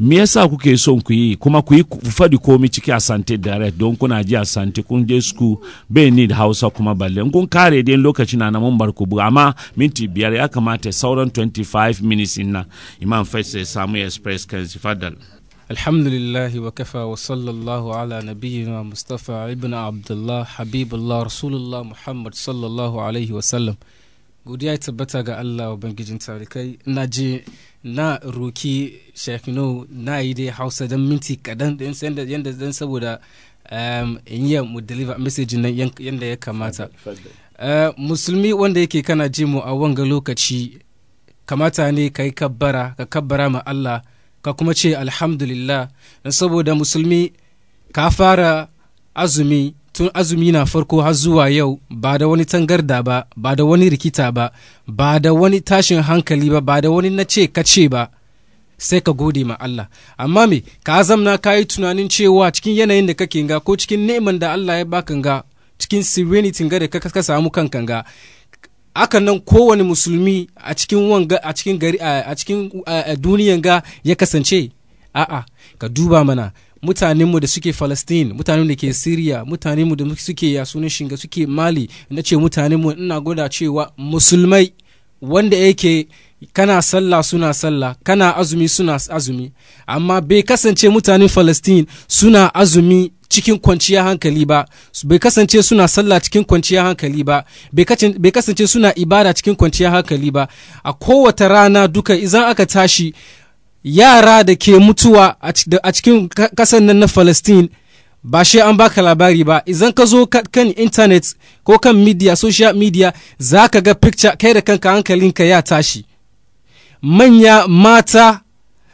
me yasa kuke son ku yi kuma ku yi faɗi komi ciki asante direct don kuna ji asante kun je school bai need hausa kuma balle kun kare dai lokaci na na mun bar ku amma minti biyar ya kamata sauran 25 minutes na imam faisal samu express kan sifadal الحمد لله wa وصلى الله على نبينا مصطفى mustafa ibn الله حبيب الله رسول muhammad محمد صلى الله godiya ya tabbata ga Allah Ubangijin tarikai na je na roki shafino na yi dai hausa don minti kadan din yadda zan saboda um, in yi mu deliver message nan yadda ya kamata uh, musulmi wanda yake kana ji mu a wanga lokaci kamata ne ka yi kabbara ka kabbara ma Allah ka kuma ce alhamdulillah don saboda musulmi ka fara azumi tun azumi na farko har zuwa yau ba da wani tangarda ba ba da wani rikita ba ba da wani tashin hankali ba ba da wani na ce ka ce ba sai ka gode ma Allah amma me ka zamna ka yi tunanin cewa cikin yanayin da kake ga ko cikin neman da Allah ya baka ga cikin serenity ga da ka samu kanka ga hakan nan kowane musulmi a cikin wanga a cikin gari a cikin duniyan ga ya kasance a'a ka duba mana mutanenmu da suke Palestine, mutanen da ke Syria, mutanenmu da suke ya sunan shinga suke Mali, na ce mutanenmu ina gwada cewa musulmai wanda yake kana sallah suna sallah kana azumi suna azumi amma bai kasance mutanen Palestine suna azumi cikin kwanciyar hankali ba bai kasance suna sallah cikin kwanciyar hankali ba bai kasance suna ibada cikin kwanciyar hankali ba a kowace rana duka idan aka tashi yara da ke mutuwa a cikin ƙasar nan na Falastin ba shi an baka labari ba idan ka zo kan intanet ko kan media social media za ka ga picture kai da kanka hankalinka ya tashi manya mata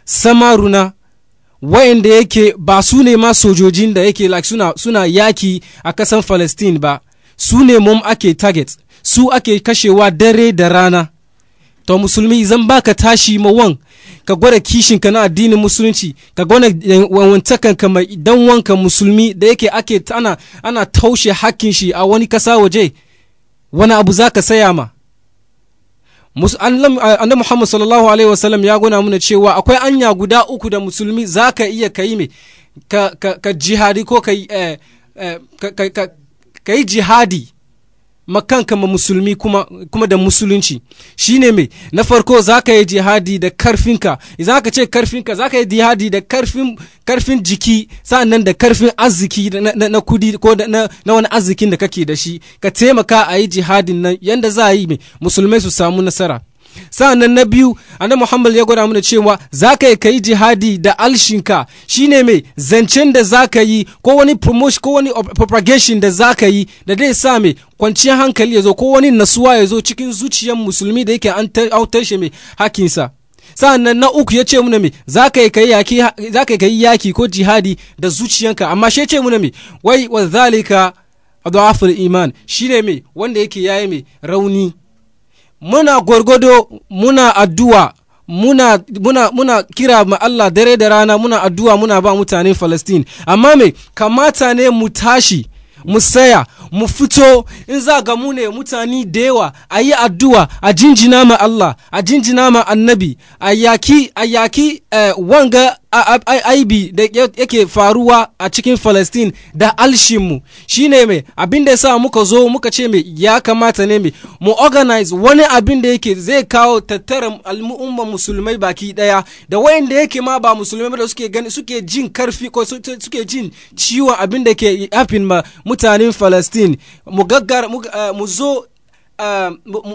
samaruna wayanda yake ba su ne ma sojojin da yake like suna, suna yaki a kasan falastin ba su ne mom ake target su ake kashewa dare da rana to musulmi zan baka tashi mawan ka gwada kishinka na addinin musulunci ka gwada wantakanka mai dan wanka musulmi da yake ake ana ana taushe hakkin shi a wani kasa waje wani abu zaka saya ma annabi Muhammad sallallahu alaihi wasallam ya gona mana cewa akwai anya guda uku da musulmi zaka iya kai me ka, ka, jihadi ko kai eh, eh, ka, ka, jihadi makanka ma musulmi kuma, kuma da musulunci shine mai na farko za ka yi jihadi da karfinka za ka ce karfinka za ka yi jihadi da karfin, karfin jiki sa'annan da karfin arziki na, na, na kudi ko na, na wani arzikin da kake da shi ka taimaka a yi jihadin nan yadda za a yi mai musulmai su samu nasara sa'annan na biyu annabi muhammad ya gwada mana cewa za ka yi yi jihadi da alshinka shine mai zancen da za ka yi ko wani promotion ko wani propagation da za ka yi da dai sa mai kwanciyar hankali ya zo ko wani nasuwa ya zo cikin zuciyar musulmi da yake an shi mai hakinsa sa'annan na uku ya ce muna mai za ka yi ka yi yaki ko jihadi da zuciyarka amma shi ce muna mai wai wa zalika adhaful iman shine mai wanda yake yayi mai rauni muna gwargwado muna addu'a muna, muna, muna kira ma Allah dare da rana muna addu'a muna ba mutane Falastin amma mai kamata ne mu tashi mu saya mu fito in za ga mu ne mutane da yawa a yi addu'a a jinjina ma Allah a jinjina ma annabi a yaki a yaki eh, wanga aibi da yake faruwa a cikin falastin da alshinmu shine mai abin da sa muka zo muka ce mai ya kamata ne mai mu organize wani abin da yake zai kawo tattara al'umma musulmai baki daya da wayanda yake ma ba musulmai da suke gani suke jin karfi ko suke jin ciwon abin da ke yafin ma mutanen Falastin mu gaggara mu eh, zo eh,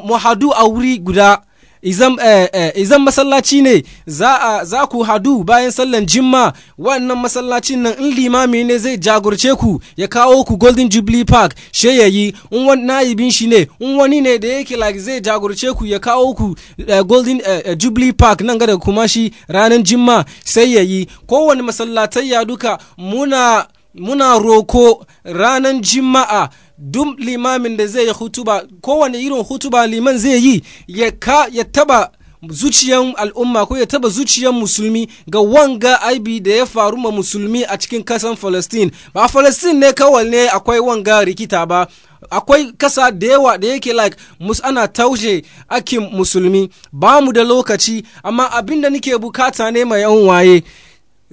mu hadu a wuri guda Eh, eh, izan masallaci ne za ku hadu bayan sallan jimma wannan masallacin nan in limami ne zai jagorce ku ya kawo ku golden jubilee park she ya yi in wani na'ibin shi ne in wani ne da yake like zai jagorce ku ya kawo ku eh, golden jubilee park nan gada kuma shi ranar jimma sai ya yi kowane masallatai ya duka muna roko ranar jima'a duk limamin da zai yi hutuba kowane irin hutuba liman zai yi ya ka ya taba zuciyan al'umma ko ya taba zuciyan musulmi ga wanga aibi da ya faru ma musulmi a cikin kasan Palestine ba Palestine ne kawai ne akwai wanga rikita ba akwai kasa da yawa da yake like mus ana taushe akin musulmi ba mu da lokaci amma abinda da nake bukata ne mai yan waye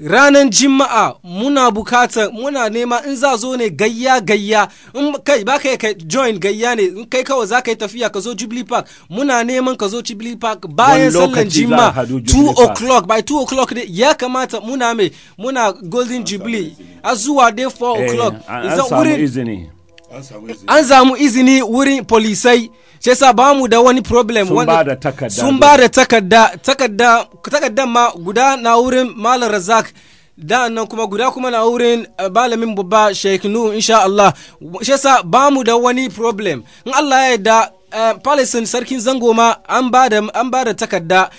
ranar jima'a muna bukata muna nema in za zo ne gayya gayya in kai ba ka kai join gayya ne in kai kawai za ka yi tafiya ka zo jubilee park muna neman ka zo jubilee park bayan sallan jima'a 2 o'clock by 2 o'clock ne ya kamata muna mai muna golden jubilee a zuwa dai 4 eh, o'clock an samu izini wurin polisai shi yasa ba mu da wani problem sun ba da takarda takarda ma guda na wurin malam razak da nan kuma guda kuma na wurin balamin eh, babba sheikh nu insha Allah shi yasa ba mu da wani problem in Allah ya yarda da eh, Palestine sarkin zango ma an ba da takarda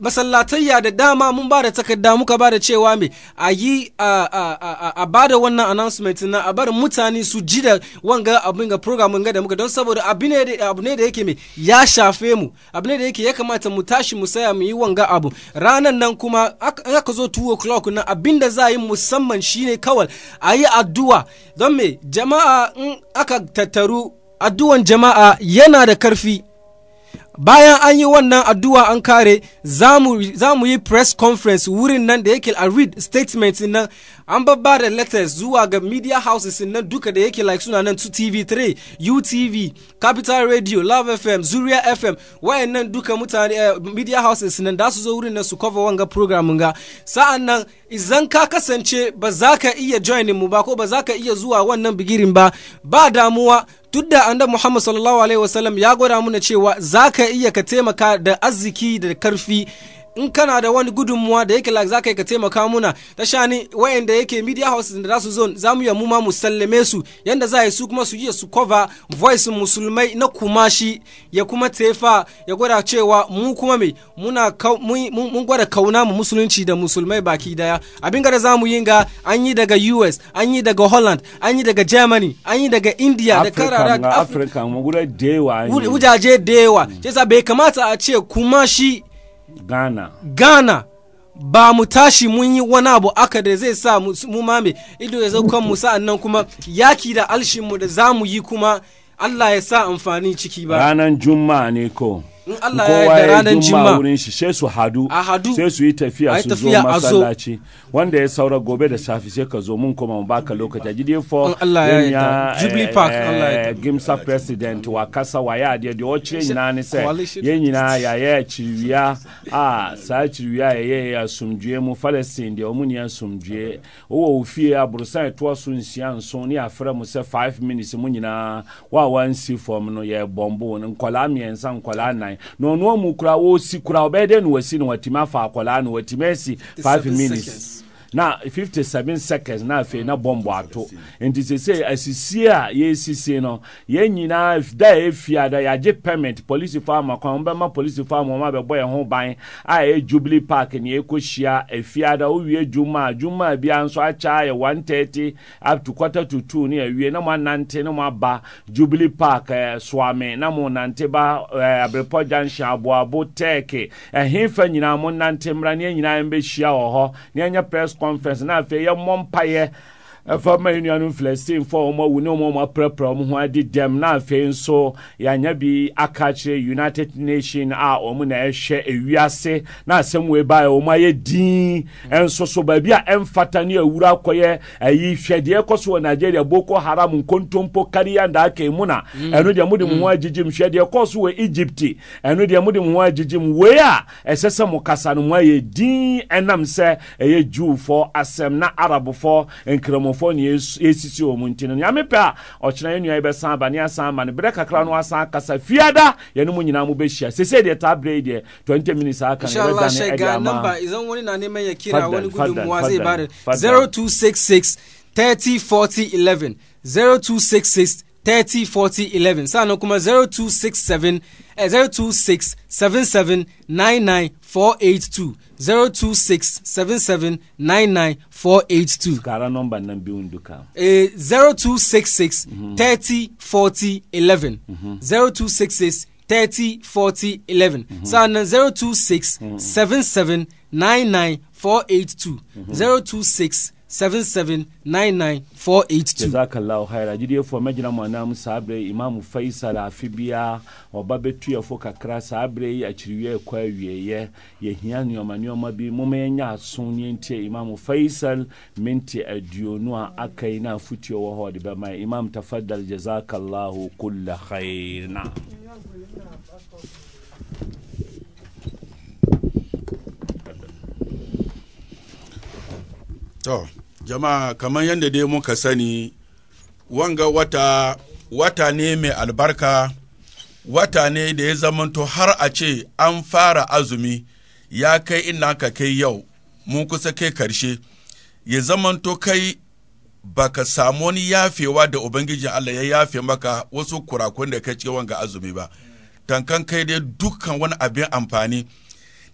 masallatayya da dama mun ba da takarda muka ba da cewa me a yi a ba da wannan announcement na a bar mutane su ji da wanga abin ga program ga da muka don saboda abu ne da yake me ya shafe mu abu ne da yake ya kamata mu tashi mu saya mu yi wanga abu ranan nan kuma aka zo 2 o'clock na abin da za a yi musamman shine kawal a yi addu'a don me jama'a in aka tattaru addu'an jama'a yana da karfi bayan an yi wannan addu'a an kare za mu yi press conference wurin nan da yake a read statement nan an babba da letters zuwa ga media houses nan duka da yake like suna nan su tv3 utv capital radio love fm zuriya fm wayan nan duka mutane eh, media houses nan da su zo wurin nan su cover wanga program ga sa'an nan izan ka kasance ba za ka iya joinin mu ba ko ba za ka iya zuwa wannan bigirin ba ba damuwa duk da annabi Muhammad sallallahu alaihi wasallam ya gwada mana cewa zaka iya ka taimaka da arziki da karfi in kana da wani gudunmuwa da yake like za ka yi ka taimaka muna ta shani wayanda yake media houses da za su zo za mu mu ma mu sallame su yanda za yi su kuma su yi su cover voice musulmai na kumashi ya kuma tefa ya gwada cewa mu kuma me muna mun gwada kauna mu musulunci da musulmai baki daya abin da za mu yi ga an yi daga US an yi daga Holland an yi daga Germany an yi daga India da karara Africa mu guda da wujaje da mm. sai bai kamata a ce kumashi ghana ghana ba mu tashi mun yi wani abu aka da zai sa mu mame ido ya zo kan mu sa'an nan kuma yaki da alshinmu da za mu yi kuma allah ya sa amfani ciki ba ranar juma'a ne ko in Allah ya yarda ranar jimma wurin shi sai su hadu sai su yi tafiya su zo masallaci wanda ya saura gobe da safi sai ka zo mun kuma mu baka lokaci a jide for Allah ya yarda Jubilee Park Allah ya eh, yi Gimsa president wa kasa wa ya dia di oche nyina ne se ye nyina ya ya chiriya a sa chiriya ya ya ya sumdue mu Palestine dia omu nya sumdue wo ofie abrusan to so nsia nso ne afra mu se 5 minutes mu na wa wan si form no ye bombo nkwala miyansa nkwala nan na ɔno amu kora wɔsi kora wɔbɛyɛ dɛ na wasi na watumi afa akwadaa na watumi asi five minutes na 57 seconds na afei na bɔmbɔ ato nti sese asisie a yɛsisi no yɛn nyinaa da a yɛfia da yɛagye permit polisi fo ama kwan bɛma polisi fo ama ɔma bɛbɔ yɛn ho ban a ɛyɛ jubilee park ne yɛkɔhyia e afia da wowie dwuma a dwuma a biara nso akyɛ ayɛ 130 up to quarter to 2 ne awie na moanante na moaba jubilee park eh, soame na mo nante ba eh, abrepɔ junction aboabo tɛɛke ɛhefa eh, nyinaa monante mmra ne yɛn nyinaa mbɛhyia wɔ hɔ ne ɛnyɛ press conference na afei yɛmmɔ mpaeɛ ɛfa ma yɛ nuanom filistinfo a wɔn awu ne wɔn a wɔaprapra wɔn ho adi dɛm na afei nso yɛanya bi aka kyerɛ united Nations a wɔn na ɛhwɛ ewiase na asɛm wɔ ba yɛ wɔn ayɛ din ɛnso so baabi a ɛmfata ne awura akɔyɛ ɛyi hwɛdeɛ kɔ wɔ nigeria boko haram nkontompo kariya ndaake mu na mm. ɛno deɛ mo de mo ho mm. agyigye mu hwɛdeɛ kɔ so wɔ egypt ɛno deɛ mo de mo ho agyigye mu wei a ɛsɛ sɛ mo kasa no mo ayɛ din ɛnam sɛ ɛyɛ jewfoɔ asɛm na arabfoɔ nkramofo nkurɔfoɔ ne ɛsisi wɔ mu nti no nyame pɛ a ɔkyena yɛnnua yɛbɛsan aba ne asan ama no berɛ kakra no asan akasa fiada yɛne mu nyinaa mu bɛhyia sɛsɛ deɛ taa berɛ yi deɛ 20 minutes aka no yɛbɛdane ɛde ama 0266 30 40 11 0266 30 40 11 sanni kuma 0267 eh, 0267 77 99 482 zero two six seven seven nine nine four eight two. sukara nọmba nan bi wundu kan. Eh, mhm. mhm. zero two six six thirty forty eleven mhm. zero two six six thirty forty eleven sanni zero two six seven seven nine nine four eight two zero two six. 779948 jazakallahu khaira agyidiyefoɔ imam faisal afe biaa ɔba bɛtuafo kakra saa berɛ yi akyiriwie ɛkɔ awieeɛ yɛhia nneɔma nneɔma bi moma yɛnya aso neɛntie imam faisal mente aduonu a aka na afotuo wɔ hɔ de bɛma imam tafadal jazakallahu kulla khair na Oh. jama'a kamar yadda dai muka sani wanga wata wata ne mai albarka wata ne da ya zamanto har a ce an fara azumi ya kai ina ka kai yau mun kusa kai karshe ya zamanto kai baka samu wani yafewa da ubangijin Allah ya yafe maka wasu kurakun da ka ce wanga azumi ba tankan kai dai dukkan wani abin amfani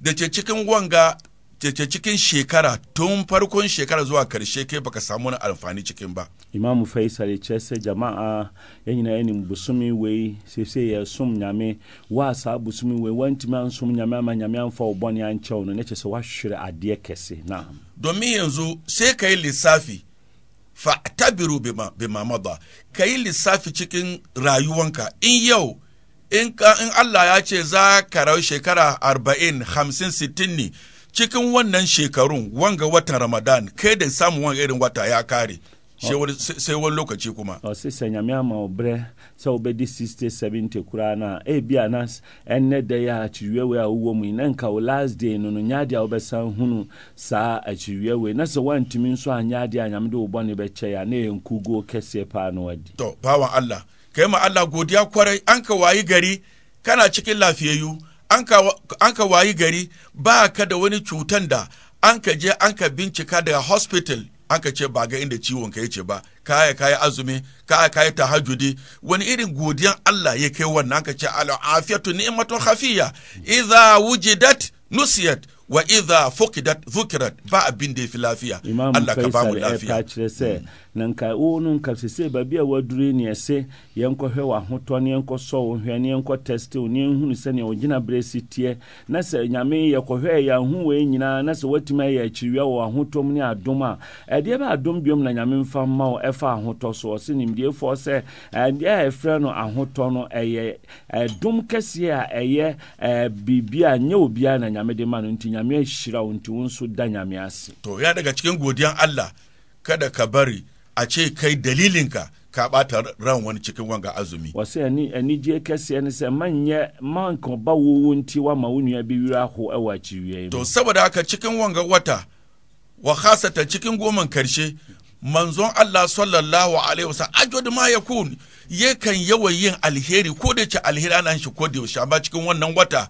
da ce cikin wanga cece cikin shekara tun farkon shekara zuwa karshe kai baka samu wani alfani cikin ba imamu faisal ya ce sai jama'a yi na nin busumi wai sai sai ya sum nyame wa sa busumi wai wanti ma sum nyame ma nyame an fa obon ya nche ne ce sai wa shire adiye kese na domin yanzu sai yi lissafi fa tabiru bima bima mada yi lissafi cikin rayuwanka in yau in ka in Allah ya ce za ka rayu shekara 40 50 60 ne cikin wannan shekarun wanga watan ramadan kai da samun wani irin wata ya kare sai oh. wani lokaci kuma oh, sai ɔsesɛ nyame ama wo berɛ sɛ wobɛdi 60 70 kura na a e, biya na ɛnnɛ da yɛ akyiriwiawei a wowɔ mu yi na nka wo last day no no nyɛ adeɛ a wobɛsan hunu saa akyiriwiawei na sɛ woantumi nso anyɛ adeɛ a nyame de wo bɔne bɛkyɛ a na yɛnkugo kɛseɛ paa na wadi to bawa allah kai ma allah godiya kwarai an ka wayi gari kana cikin lafiyayyu an ka wayi gari ba ka da wani cutan da an ka je an ka bincika daga hospital an ka ce ba ga inda ciwon ka yace ba kaya kaya azumi kaya kaya tahajjudi wani irin godiyan Allah ya kai wannan ka ce al ni'matun khafiya idza wujidat nusiyat wa idza fuqidat dhukirat ba abin da fi lafiya Allah ka ba mu lafiya na nka wo no nka sesei baabi a woaduru ne ɛse yɛnkɔhwɛ w'ahotɔ ne yɛnkɔsɔ wo hwɛ ne yɛnkɔ teste wo ne yɛnhunu sɛnea wogyina berɛ si teɛ na sɛ nyame yɛkɔhwɛ yɛaho wei nyinaa na sɛ woatumi ayɛ akyiriwia wɔ ahotɔm ne adom a ɛdeɛ e, bɛ adom biom na nyame mfa mma wo ɛfa e ahotɔ so ɔse nimdiefoɔ sɛ ɛdeɛ e, a ɛfrɛ no ahotɔ no ɛyɛ ɛdom kɛseɛ a ɛyɛ biribi a nyɛ obiara na nyame de ma no nti nyame ahyira wo nti wo nso da nyame ase to ya daga allah kada ka a ce kai dalilinka ka bata ran wani cikin wanga azumi wɔse ɛni anigyeɛ kɛseɛ ne sɛ man manka ba wowo nti woama wo nua bi a aho to saboda haka cikin wanga wata wa hasata cikin goman karshe manzon Allah sallallahu alaihi wasallam ajwad ma yakun yakan yawan yin alheri ko da ce alheri ana shi ko da yaushe amma cikin wannan wata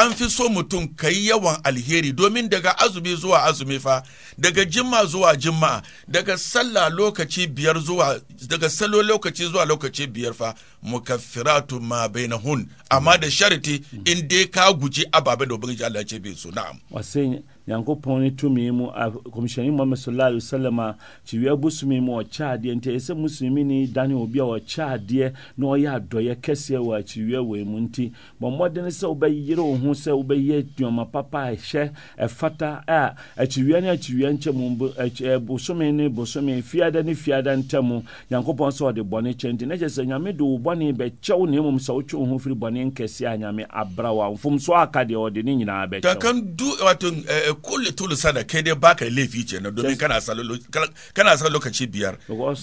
an fi so mutum ka yi yawan alheri domin daga azumi zuwa azumi fa daga jimma zuwa jimma daga sallah lokaci biyar zuwa daga salo lokaci zuwa lokaci biyar fa mukaffiratu ma bainahun amma da shariti in dai ka guji ababen da ubangiji Allah ce bai so na'am nyankopɔn ne tumi mu kɔmhyɛne mohamad sallallahu alaihi wasallam a kyiriwia bosome mu ɔkyɛ adeɛ nti ɛsɛ musulmi ni dane obi a ɔkyɛ adeɛ na ɔyɛ adɔyɛ kɛseɛ wɔ akyiriwia wɔ mu nti bɔ mmɔden sɛ wobɛyere wo ho sɛ wobɛyɛ nneɔma papa a ɛhyɛ ɛfata a akyiriwia ne akyiriwia nkyɛ mu bosome ne bosome fiada ne fiada ntamu nyankopɔn sɛ ɔde bɔne kyɛ nti na sɛ nyame de wo bɔne bɛkyɛw na mmom sɛ wotwe wo ho firi bɔne nkɛseɛ a nyame abra wo a mfomso aka deɛ ɔde ne nyinaa bɛkyɛw kulle tulusa da kai dai baka laifi ce na domin kana sa lokaci biyar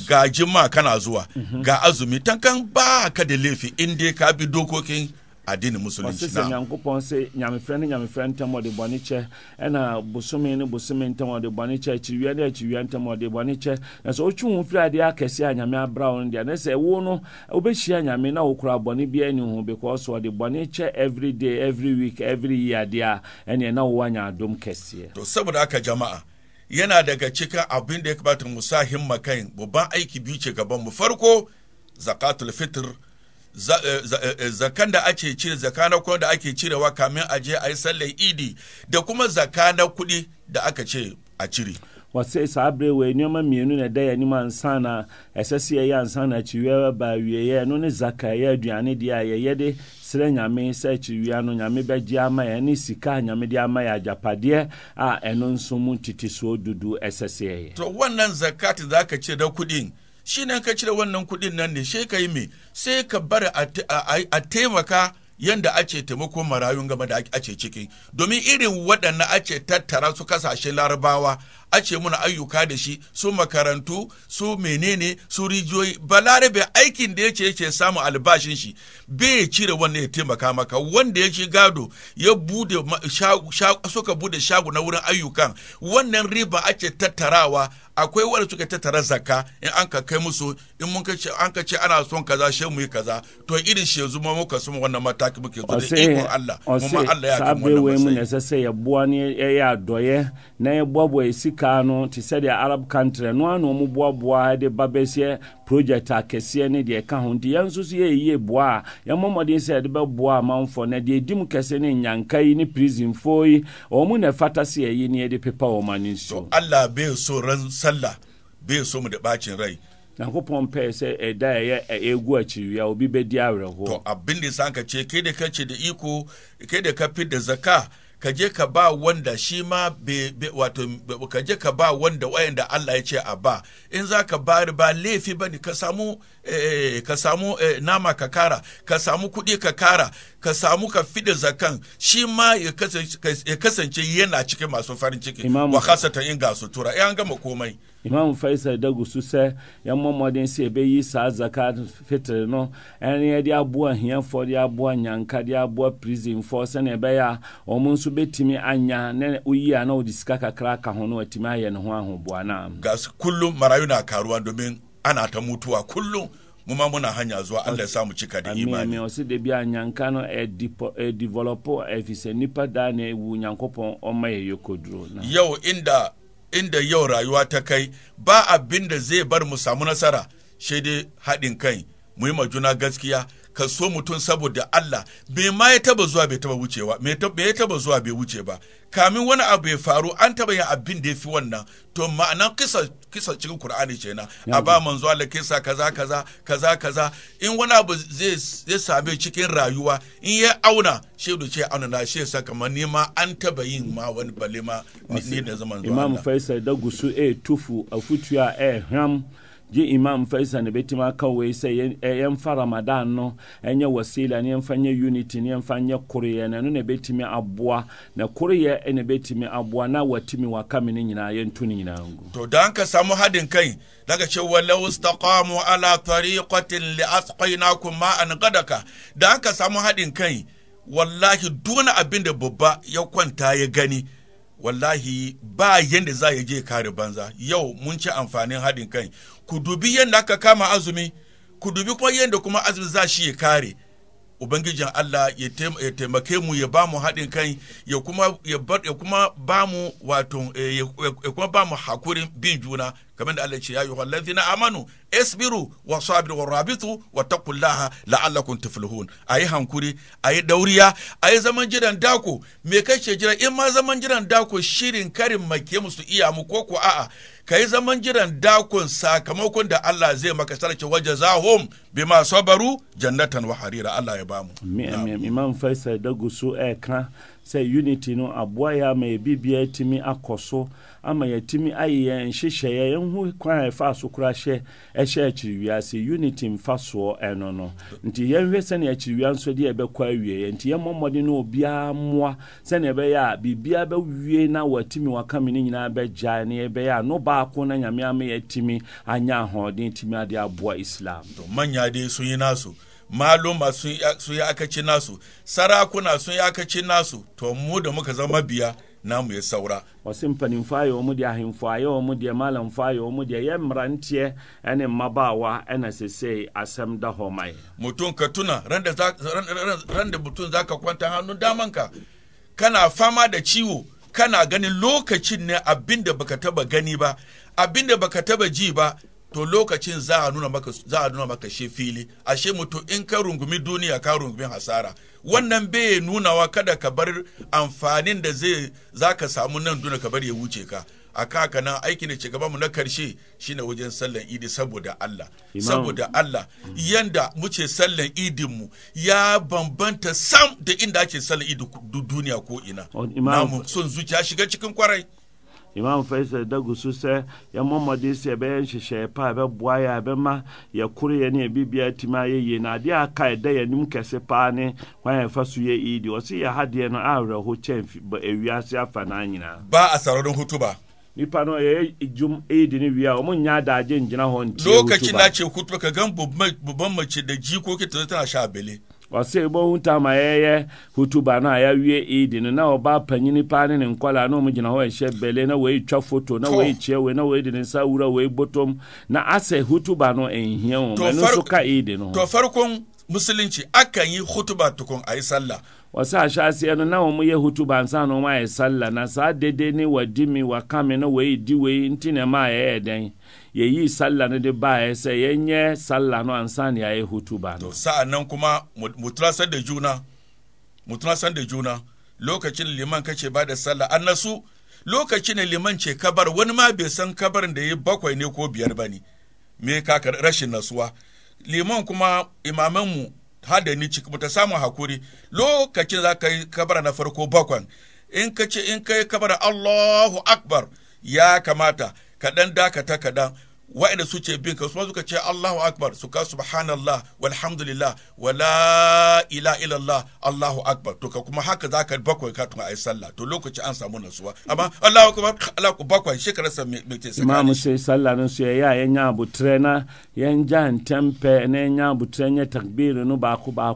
ga jima kana zuwa mhm. ga azumi tankan ba ka da laifi in dai ka bi dokokin ade ne addinin musulunci na nyankopɔn sɛ nyamefrɛ ne nyamefrɛ ntɛm ɔde bɔne kyɛ ɛna bosome ne bosome ntɛm ɔde bɔne kyɛ akyiriwia ne akyiriwia ntɛm ɔde bɔne kyɛ na sɛ wotwe wo firi adeɛ akɛseɛ a nyame abra wo no deɛ ne sɛ wo no wobɛhyia nyame na wokora bɔne biaa ni ho because ɔde bɔne kyɛ every day every week every year deɛ a ɛneɛ na wowɔ anya adom kɛseɛ to saboda haka jama'a yana daga cikin abin da ya kamata musa sa himma kai babban aiki biyu ce gaban mu farko zakatul fitr Eh, eh, eh, zakan da ake cire zaka na kuɗi da ake cirewa kamin aje a yi sallar idi da kuma zaka na kuɗi da aka ce a cire wasu isa abirai wai neman mmienu na daya ni ma ansa na ɛsɛ ya yɛyɛ ansa na akyiwia ba awieeɛ no ne zaka ɛyɛ aduane diya a yɛyɛ de srɛ nyame sɛ akyiwia no nyame bɛgye ama ya ni sika nyame di ama yɛ agyapadeɛ a ɛno nso mu titi soɔ dudu ɛsɛ sɛ yɛyɛ. to wannan zakati da aka ce da kuɗin shi nan ka cire wannan kuɗin nan ne sai ka yi me sai ka bari a taimaka yanda ake taimako marayun game da ake ciki domin irin waɗannan ake tattara su kasashen larabawa a ce muna ayyuka da shi su makarantu su menene su rijiyoyi larabe aikin da yake yake samun albashin shi bai cire wannan ya taimaka maka wanda ya ci gado ya bude suka bude shago na wurin ayyukan wannan riba ake tattarawa akwai wanda suka tattara zakka in an ka kai musu in mun kace an ka ce ana son kaza she mu yi kaza to irin shi yanzu ma muka suma wannan mataki muke zo da iko Allah kuma Allah ya kuma wannan sai ya buwa ne ya doye na ya bwabo ya africa no te sɛ deɛ arab country no ana ɔmo boaboa de ba bɛsiɛ project akɛseɛ ne deɛ ɛka ho nti yɛn nso so yɛyie boa a yɛn mmɔmmɔden sɛ yɛde bɛboa amanfoɔ na deɛ ɛdi mu kɛse ne nyanka yi ne prisonfoɔ yi wɔn mu na ɛfata sɛ yɛyi ne yɛde pepa wɔn ani nsuo. ala bee so ran sallah bee so mu da bacin rai. nyankopɔn pɛɛ sɛ ɛda ɛyɛ ɛgu akyiriwia obi bɛdi awerɛhoɔ. to abin da sanka ce kai da ka iko kedeka da ka fi zaka ka je ka ba wanda shi ma wato ka je ka ba wanda wayanda Allah ya ce a ba in za ka bari ba laifi ba ne ka samu eh, ka eh, nama ka kara ka samu kuɗi ka kara ka samu ka fida zakan shi ma ya kasance yana cikin masu farin ciki wa kasatan in ga sutura eh, an gama komai imam faisal da gusu sɛ yɛmmɔ mmɔden sɛ yɛbɛyi saa zakat fitiri no ɛne yɛde aboa ahiafoɔ de aboa nyanka de aboa prisonfoɔ sɛnea ɛbɛyɛ a ɔmo nso bɛtumi anya na oyi a na ɔde sika kakra ka ho no atumi ayɛ ne ho ahoboa no gas kullum marayuna karuwa domin ana ta mutuwa kullum mu ma muna hanya zuwa Allah ya samu cika da imani amin wasu da biya nyanka no e eh, eh, develop e eh, fise nipa da ne wu nyankopon o maye yokodro yau inda inda yau rayuwa ta kai ba abin da zai bar mu samu nasara shi dai haɗin kai mu yi ma juna gaskiya ka so mutum saboda Allah bai ma ya taba zuwa bai taba wucewa bai ya taba zuwa bai wuce ba kamin wani abu ya faru an taba yin abin da ya fi wannan to ma'anan kisa kisa cikin Qur'ani kenan a ba manzo Allah kisa kaza kaza kaza kaza in wani abu zai same cikin rayuwa in ya auna shedu ce auna na shi yasa kamar ni ma an taba yin ma wani balima ni da zaman zuwa Imam Faisal da gusu e tufu a futuya e eh, ham gye imam faisa ne bɛtumi aka wei sɛ yɛmfa eh, ramadan no ɛnyɛ eh, wasila ne yɛmfa nyɛ unity ne yɛmfa nyɛ koroyɛ na ɛno na ɛbɛtumi aboa na koroyɛ ne betimi aboa na watumi me no nyinaa yɛnto no nyinaa ngu to danka anka samu hadin kai daga ce walau istaqamu ala tariqatin li asqainakum ma'an gadaka danka anka samu hadin kai wallahi duk abin da babba ya kwanta ya gani wallahi ba yadda za ya je kare banza yau mun ci amfanin haɗin kai ku dubi yadda aka kama azumi ku dubi kuma yadda kuma azumi za shi ya kare ubangijin Allah ya taimake mu ya ba mu haɗin kai ya kuma ba mu wato eh, hakurin bin juna kamar da Allah ce ya yi na amanu isbiru wa sabir wa rabitu wa taqullaha la'allakum tuflihun ayi hankuri ayi dauriya ayi zaman jiran dako me ce jira in ma zaman jiran dako shirin karin make musu iya mu ko ko a'a ka yi zaman jiran dakon sakamakon da Allah zai maka sarki waje bi bima sabaru jannatan wa harira Allah ya bamu. Imam Faisal da gusu eh, sɛ unity no aboa yɛ ama yɛ bibia atumi akɔ so ama yɛatumi ayɛ yɛn nhyehyɛeɛ yɛnho kwan a ɛfa so kora hyɛ ɛhyɛ akyiriwiase unity mfa soɔ ɛno no nti yɛnhwɛ sɛnea akyiriwia nso deɛ ɛbɛkɔ awieɛ nti yɛmmɔ mmɔden no obiara mmoa sɛnea ɛbɛyɛ a biribiaa bɛwie na watumi wakame no nyinaa bɛgyae na yɛbɛyɛ a no baako na nyame ama yɛatumi anya ahoɔden tumi ade aboa islam maluma sun yi akaci nasu sarakuna sun yi akaci nasu to mu da muka zama biya namu ya saura wasu mpanimfa ya omu deɛ ahemfo ya omu deɛ malamfa ya omu ya yɛ mmeranteɛ ne mmabaawa ɛna da homai. mutun mutum ka tuna ran da mutum za ka kwanta hannun damanka kana fama da ciwo kana ganin lokacin ne abin baka taba gani ba abinda baka taba ji ba to lokacin za a nuna maka za a nuna maka shi fili ashe mutum in ka rungumi duniya ka rungumi hasara wannan bai nunawa kada ka bar amfanin da zai za ka samu nan duniya ka bar ya wuce ka a kaka nan aikin da gaba mu na karshe shine wajen sallan idi saboda Allah saboda Allah yanda muce sallan idin mu ya bambanta sam da inda ake sallan idi duniya ko ina namu son zuciya shiga cikin kwarai imam faisal da gusu sɛ yɛmmɔmmɔden sɛ ɛbɛyɛ nhyehyɛeɛ pa a ɛbɛboa yɛ e a ɛbɛma yɛ ne yɛbibia atumi ayɛ yie na adeɛ aka ɛda yɛanim kɛse paa ne kwan ɛfa so yɛ idi ɔse yɛ hadeɛ no awerɛho kyɛ awiase afa no nyinaa ba asaro no hotoba nipa no ɛyɛ dwom ɛyɛdi ne wie a ɔmo nya adagye ngyina hɔ ntie lokacin na ce kutuba ka gan bɔbɔn mace da jikoki ta tana sha abele ɔse bohu tam a yɛyɛ hotuba no a yɛawie eid no na ɔba panyini paa ne ne nkɔla na ɔmo gyina hɔ ɛhyɛ bɛle na wɔyi twa foto na wɔyi kyia wei na wɔyi de ne nsa wura wɔyi botom na asɛ hotuba no ɛnhia wɔn ɛno nso ka eid no ho musulunci akan yi hutuba tukun a yi sallah wasu a shasiya no na wɔn yɛ hutuba nsa na wɔn ayɛ sallah na saa dede ne wa dimi wa na wɔyi di wei nti na ɛma a e yɛyɛ dɛn ya yi sallah na ba ya sai yanye sallah no ansan ya yi hutu ba to sa'an nan kuma mu da juna da juna lokacin liman kace ba da sallah an nasu lokacin liman ce kabar wani ma bai san kabarin da ya bakwai ne ko biyar ba ne me kaka rashin nasuwa liman kuma imamanmu hada ni ciki ta samu hakuri lokacin za ka yi kabara na farko bakwai in ka ce in ka yi kabara Allahu Akbar ya kamata kaɗan dakata kaɗan su suke bin ka su suka ce Allahu akbar su ka subhanallah walhamdulillah wala ila illallah Allahu akbar to ka kuma haka zaka bakwai ka tuma ai sallah to lokaci an samu nasuwa amma Allahu akbar Allahu bakwai shekara sa me te sai imamu sai sallah nan su ya ya bu na yan jan tempe na ya bu nya takbir no ba ku ba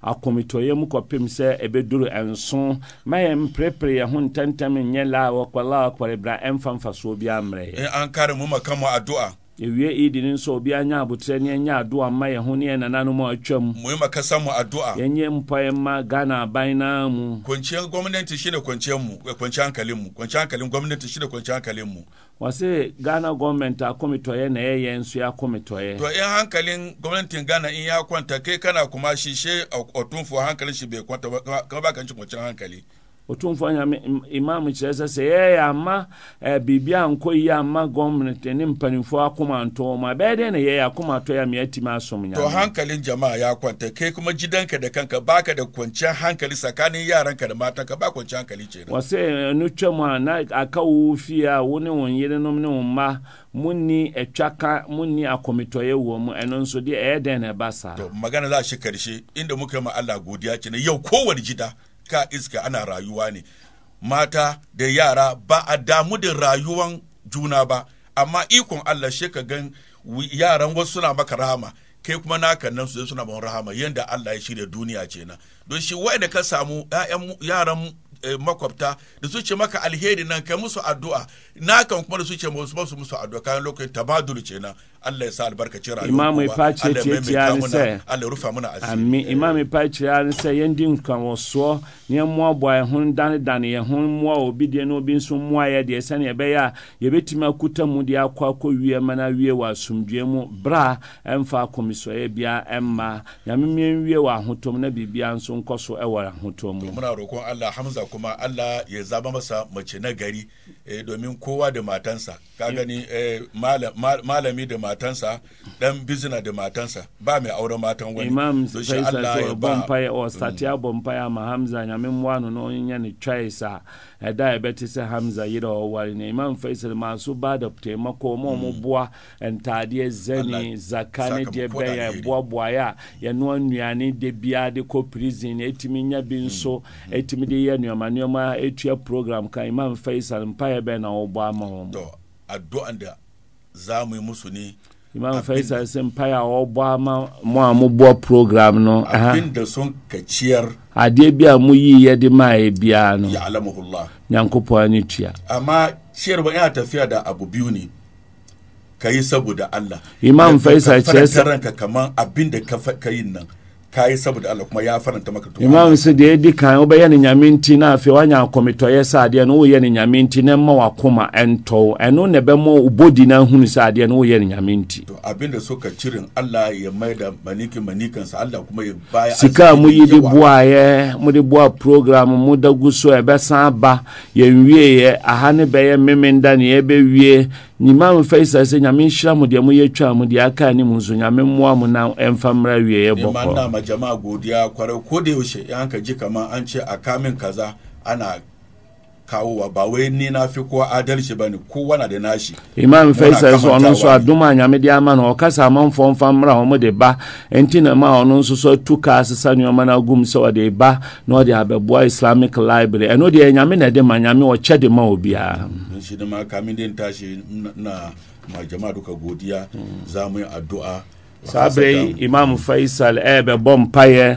a komito ye mu kopim sɛ ebeduru enso ma en mprepre yɛ ho ntantam nyɛ la wa kwala wa kwala ibrahim famfaso bi amre eh, an kare mu makamu addu'a ewie idi ne nso obi anya abotire ne anya adoa mma yɛn ho ne yɛn nananom a atwam mu yɛma kasa mu adoa yɛnyɛ mpaeɛ ma ghana aban naa mu kwankyia gɔmnɛnti hye ne kwankyia mu eh, kwankyia nkale mu kwankyia nkale mu gɔmnɛnti ne kwankyia nkale mu wɔse ghana gɔmɛnti akɔmitɔyɛ na ɛyɛ yɛn nso akɔmitɔyɛ tɔ yɛn hankalin gɔmnɛnti ghana in yɛ akwanta ke kana kuma hyehyɛ ɔtumfoɔ hankalin shi be kwanta kama b'a kan kye kwankyia hankali ɔtumfoɔ nyame imam kyerɛ sɛ sɛ yɛyɛ ama biribi a nkɔ yi ama gɔmnati ne mpanimfoɔ akoma ntɔ ma bɛyɛ dɛn na yɛyɛ akoma tɔ yɛ meatimi asom nyame to hankalin jama'a ya kwanta kai kuma gidanka da kanka baka da kwanciyar hankali tsakanin yaranka da matanka ba kwanciyar hankali ce wɔ sɛ ɛno twam a na aka wo fie a wo ne wo yerenom ne wo mma munni atwaka munni akomitɔyɛ wɔ mu ɛno nso deɛ ɛyɛ dɛn na ɛba saa magana za a shi karshe inda muka ma Allah godiya ce na yau kowane gida ka iska ana rayuwa ne mata da yara ba a damu da rayuwan juna ba amma ikon Allah shi ka gan yaran wasu suna maka rahama kai kuma naka nan su suna ban rahama yadda Allah ya shirya duniya ce na don shi da ka samu ya'yan yaran eh, makwabta da su ce maka alheri nan kai musu addu'a na kan kuma da su ce musu musu musu addu'a kan lokacin tabadul na Allah ya sa albarkaci rayuwa imamu pace ce ni sai Allah rufa muna asiri amin imamu pace ya anse yendin kan waso ne mu bo ya hun dan dan ya hun mu obi de no bi sun mu ya de sani be ya ye betima kuta mu de akwa ko wiye mana wiye wa sumdue mu bra emfa komiso e bia emma ya mi wiye wa hotom na bibia nso sun kwaso ɛwɔ hoton mu muna roƙon Allah Hamza kuma Allah ya zama masa mace na gari eh, domin kowa da matansa ka gani eh, malami da matansa dan bizina da matansa ba mai auren matan wani imam faisal to bompaya o satia bompaya ma Hamza nyame mwanu no nya ne choice a ya eh, ɛbɛte sɛ Hamza yira ɔware ne imam faisal ma su ba da taimako ma mu mm. buwa ntadeɛ zani zaka ne deɛ buwa boaboaeɛ ya nuwa nuyani de biya de ko prison magazine ɛtumi nya bi mm. nso ɛtumi mm. de yɛ nneɛma nneɛma ɛtua program kan imam faisal mpaeɛ bɛn na wɔbɔ ama wɔn. addu'an da za mu yi musu ne imam faisal sun faya wa ba mu a mu bɔ program no abin da sun ka ciyar adeɛ bi a mu yi ya de ma ya biya no ya alamullah nyankopɔn ani tua amma ciyar ba y'a tafiya da abu biyu ne ka yi saboda Allah imam faisal ce ka kaman abin da ka yi nan ka yi saboda Allah kuma ya faranta maka to imam su da yadi kan wobɛyɛ ne nyame na afi woanya akɔmetɔyɛ sɛ adeɛ no woyɛ ne nyame nti na ma wakoma ento ɛno na ɛbɛma wo bodi na ahunu sɛ adeɛ no woyɛ ne nyame nti to abin da cirin Allah ya mai da manikan sa Allah kuma ya baya sika mu yi de boayɛ mu de boa program mu da gu so ɛbɛsan ba yɛnwieɛ aha ne bɛyɛ memenda ne yɛbɛwie nyima mfa isa sɛ nyame nhyira mo deɛ moyɛ twa mo deɛ aka ne mu nso na ɛmfa mmra wieɛ bɔkɔ ma jama'a godiya kwarai ko da yaushe in an ka ji kama an ce a kamin kaza ana kawo wa ba wai ni na fi kowa adalci bane kowa na da nashi imam faisal so ɔno nso adom a nyame de ama no ɔkasa amanfoɔ mfa mmra de ba enti na ma ɔno nso so atu kaa sesa nneɔma no agum sɛ ɔde ba na ɔde abɛboa islamic library ɛno deɛ nyame na de ma nyame ɔkyɛ de ma obiara shi da ma kamin din tashi na ma jama'a duka godiya za mu saa berɛ yi imam faisal ɛɛbɛbɔ eh, mpaeɛ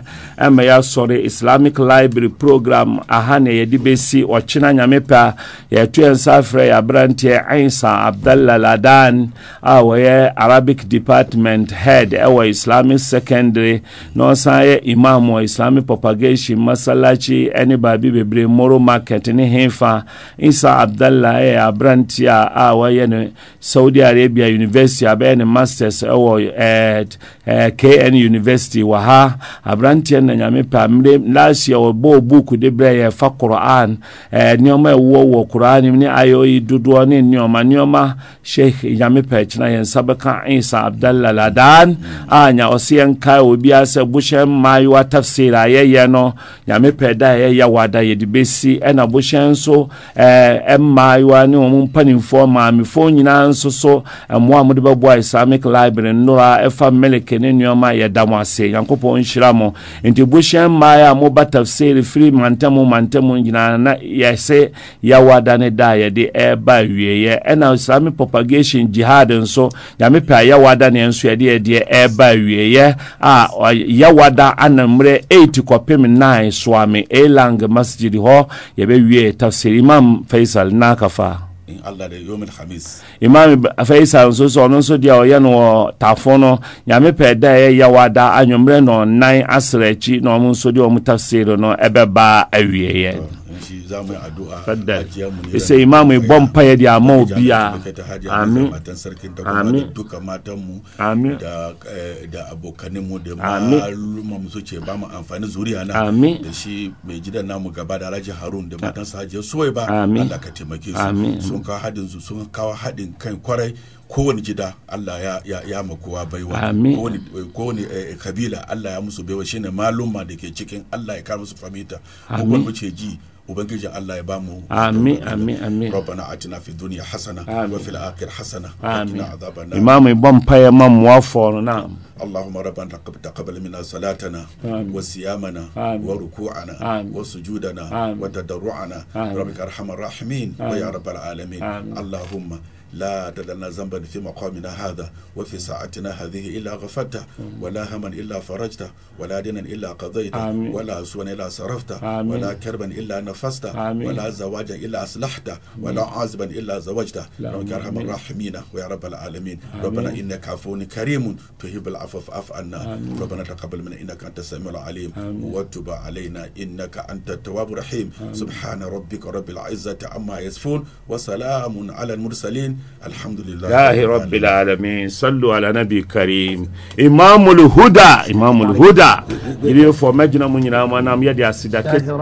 ɛma yɛasɔre islamic library program aha ne yɛde bɛsi ɔkyena nyame pɛ a yɛto yɛ nsa frɛ yɛaberanteɛ ainsa abdalla ladan a wɔyɛ arabic department head ɛwɔ islamic secondary na ɔsan yɛ imam wɔ islamic propagation masalachi ɛne baabi bebree moro market ne hemfa isa abdalla ɛyɛ aberanteɛ a wɔyɛ no saudi arabia university abɛyɛ ne masters ɛwɔ ɛɛ eh, head eh, kn university wɔ ha aberanteɛ na nyame pɛ mmerɛ last year wɔbɔɔ book de berɛ yɛfa quran eh, nneɔma ɛwowɔ wɔ quran ne ayɛ yi dodoɔ ne nneɔma nneɔma sheikh nyame pɛ kyena yɛn nsa bɛka isa abdallah ladan mm. a ah, nya ɔse yɛnkae obiaa sɛ bohyɛ mmaayewa tafsir a yɛyɛ no nyame pɛ da a yɛyɛ wada yɛde bɛsi ɛna eh, bohyɛ nso eh, mmaayewa ne ɔmo mpanimfoɔ maamefoɔ nyinaa nso so eh, mmoa a mode bɛboa islamic library nnora ɛfa eh, papa melek ne nneɛma a yɛda mo ase nyankopɔn nhyira mo nti bohyia mmaa a moba tafsir firi mantam mantam nyinaa na yɛsɛ yɛwɔ ada ne da a yɛde ɛreba awieɛ ɛna islamic propagation jihad nso nyame pɛ a yɛwɔ ada ne nso yɛde yɛdeɛ ɛreba awieɛ a yɛwɔ ada anammerɛ 8 kɔpem 9 soame elang masjid hɔ yɛbɛwie tafsir imam faisal nakafa imam afei san so so ɔno nso deɛ ɔyɛ no wɔ tafo no nyame pɛ da ɛyɛ yawada anwummerɛ na ɔnan asrɛ akyi na ɔmo nso deɛ ɔmo tafsir no ɛbɛba awieɛ. faddal isa imamu bon da ma biya amin amin duka matan mu amin da eh, da da mu so amfani zuriya na da shi namu gaba da Alhaji Harun da matan sa Hajiya Allah ka kan kwarai kowane gida Allah ya ya, ya makowa baiwa kowane eh, kabila Allah ya musu baiwa shine maluma da ke cikin Allah ya kar musu famita ko ji ubangiji Allah ya ba mu amin amin amin rabbana atina fi dunya hasana wa fil akhir hasana wa qina adhaban nar imam ibn paya man muwafo na wa siyamana wa ruku'ana wa sujudana wa tadarru'ana rabbika arhamar rahimin wa ya rabbal alamin Allahumma لا تدلنا ذنبا في مقامنا هذا وفي ساعتنا هذه إلا غفرته ولا هما إلا فرجته ولا دينا إلا قضيته ولا سوءا إلا صرفته ولا كربا إلا نفسته ولا زواجا إلا أصلحته ولا عازبا إلا زوجته ربك أرحم الراحمين ويا رب العالمين ربنا إنك عفو كريم تحب العفو فاعف عنا ربنا تقبل منا إنك أنت السميع العليم وتب علينا إنك أنت التواب الرحيم سبحان ربك رب العزة عما يصفون وسلام على المرسلين الحمد لله الله رب العالمين صلوا على نبي كريم إمام الهدى إمام الهدى يلي فو مجنا من ينام أنا ميدي أسيدك